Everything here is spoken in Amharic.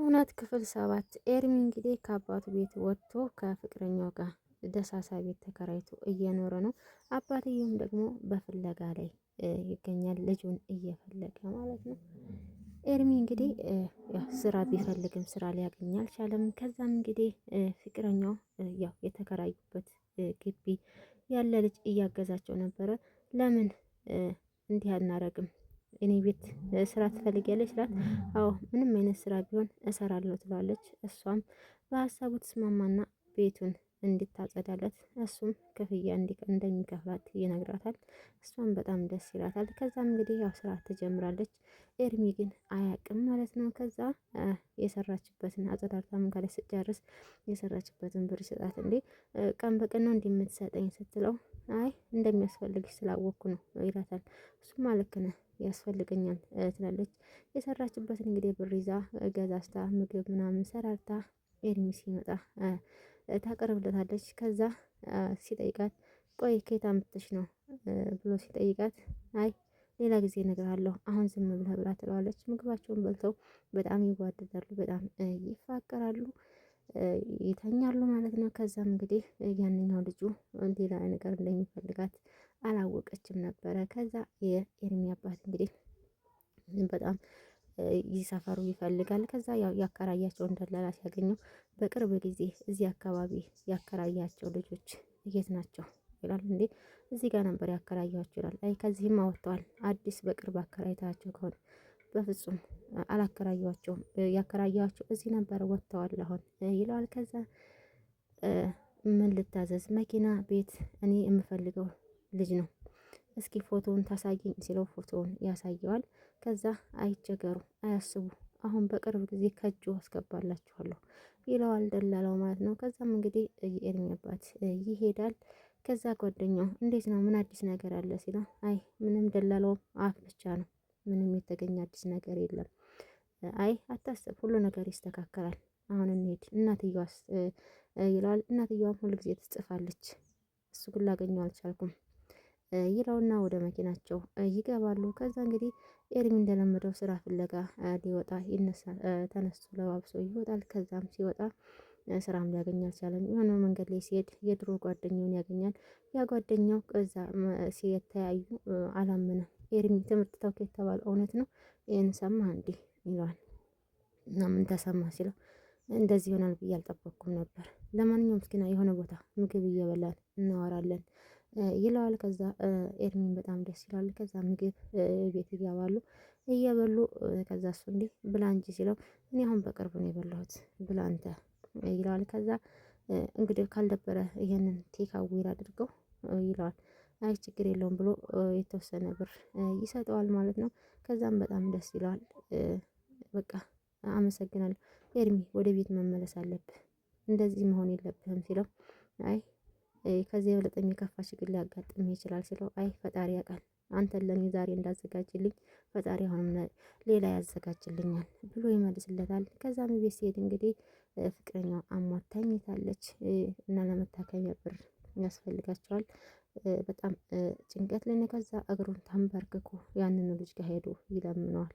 እውነት ክፍል ሰባት ኤርሚ እንግዲህ ከአባቱ ቤት ወጥቶ ከፍቅረኛው ጋር ደሳሳ ቤት ተከራይቶ እየኖረ ነው። አባትየውም ደግሞ በፍለጋ ላይ ይገኛል፣ ልጁን እየፈለገ ማለት ነው። ኤርሚ እንግዲህ ስራ ቢፈልግም ስራ ሊያገኝ አልቻለም። ከዛም እንግዲህ ፍቅረኛው ያው የተከራዩበት ግቢ ያለ ልጅ እያገዛቸው ነበረ። ለምን እንዲህ አናረግም እኔ ቤት ስራ ትፈልጊያለች ስላት፣ አዎ ምንም አይነት ስራ ቢሆን እሰራለሁ ትላለች። እሷም በሀሳቡ ትስማማና ቤቱን እንድታጸዳለት እሱም ክፍያ እንደሚከፍላት ይነግራታል። እሷም በጣም ደስ ይላታል። ከዛ እንግዲህ ያው ስራ ትጀምራለች። ኤርሚ ግን አያቅም ማለት ነው። ከዛ የሰራችበትን አጸዳርታ ምንካለ ስጨርስ የሰራችበትን ብር ስጣት እንዴ ቀን በቀን ነው እንደምትሰጠኝ ስትለው አይ እንደሚያስፈልግሽ ስላወቅኩ ነው ይላታል። እሱም ማለት ነው ያስፈልገኛል ትላለች። የሰራችበትን እንግዲህ ብር ይዛ ገዛስታ ምግብ ምናምን ሰራርታ ኤድሚ ሲመጣ ታቀርብለታለች። ከዛ ሲጠይቃት ቆይ ከየት አምጥተሽ ነው ብሎ ሲጠይቃት አይ ሌላ ጊዜ እነግርሃለሁ አሁን ዝም ብለህ ብላ ትለዋለች። ምግባቸውን በልተው በጣም ይዋደዳሉ፣ በጣም ይፋቀራሉ፣ ይተኛሉ ማለት ነው። ከዛም እንግዲህ ያንኛው ልጁ ሌላ ነገር እንደሚፈልጋት አላወቀችም ነበረ። ከዛ የኤርሚ አባት እንግዲህ በጣም ይሰፈሩ ይፈልጋል። ከዛ ያከራያቸው ያከራያቸውን ሲያገኙ በቅርብ ጊዜ እዚህ አካባቢ ያከራያቸው ልጆች የት ናቸው ይላል። እንዴ እዚህ ጋር ነበር ያከራያቸው ይላል። አይ ከዚህም አወጥተዋል። አዲስ በቅርብ አከራይታቸው ከሆነ በፍጹም አላከራያቸውም፣ ያከራያቸው እዚህ ነበር ወጥተዋል አሁን ይለዋል። ከዛ ምን ልታዘዝ መኪና፣ ቤት እኔ የምፈልገው ልጅ ነው እስኪ ፎቶውን ታሳየኝ ሲለው ፎቶውን ያሳየዋል። ከዛ አይቸገሩ፣ አያስቡ አሁን በቅርብ ጊዜ ከእጁ አስገባላችኋለሁ ይለዋል ደላላው ማለት ነው። ከዛም እንግዲህ የኤርሚ አባት ይሄዳል። ከዛ ጓደኛው እንዴት ነው ምን አዲስ ነገር አለ ሲለው፣ አይ ምንም ደላላው አፍ ብቻ ነው ምንም የተገኘ አዲስ ነገር የለም። አይ አታስብ፣ ሁሉ ነገር ይስተካከላል። አሁን እንሄድ እናትየዋስ ይለዋል። እናትየዋም ሁልጊዜ ትጽፋለች፣ እሱ ግን ላገኘው አልቻልኩም ይለውና ወደ መኪናቸው ይገባሉ። ከዛ እንግዲህ ኤርሚ እንደለመደው ስራ ፍለጋ ሊወጣ ይነሳል። ተነስቶ ለባብሶ ይወጣል። ከዛም ሲወጣ ስራም ሊያገኝ አልቻለም። የሆነ መንገድ ላይ ሲሄድ የድሮ ጓደኛውን ያገኛል። ያ ጓደኛው ከዛ ሲተያዩ አላመነም። ኤርሚ ትምህርት ተውክ የተባለው እውነት ነው ይህን ሰማ እንዲህ ይለዋል። እና ምን ተሰማ ሲለው እንደዚህ ይሆናል ብዬ አልጠበቅኩም ነበር። ለማንኛውም እስኪና የሆነ ቦታ ምግብ እየበላን እናወራለን ይለዋል። ከዛ ኤርሚን በጣም ደስ ይለዋል። ከዛ ምግብ ቤት ይገባሉ እየበሉ ከዛ እሱ እንዴ ብላ እንጂ ሲለው እኔ አሁን በቅርቡ ነው የበላሁት ብላ አንተ ይለዋል። ከዛ እንግዲህ ካልደበረ ይሄንን ቴክ አዌይ አድርገው ይለዋል። አይ ችግር የለውም ብሎ የተወሰነ ብር ይሰጠዋል ማለት ነው። ከዛም በጣም ደስ ይለዋል። በቃ አመሰግናለሁ ኤርሚ፣ ወደ ቤት መመለስ አለብህ፣ እንደዚህ መሆን የለብህም ሲለው አይ ከዚህ የበለጠ የሚከፋ ችግር ሊያጋጥም ይችላል ሲለው፣ አይ ፈጣሪ ያውቃል አንተ ለኔ ዛሬ እንዳዘጋጅልኝ ፈጣሪ አሁንም ሌላ ያዘጋጅልኛል ብሎ ይመልስለታል። ከዛም ቤት ሲሄድ እንግዲህ ፍቅረኛው አሟት ተኝታለች እና ለመታከሚያ ብር ያስፈልጋቸዋል። በጣም ጭንቀት ላይ ነው። ከዛ እግሩን ተንበርክኮ ያንኑ ልጅ ጋር ሄዶ ይለምነዋል።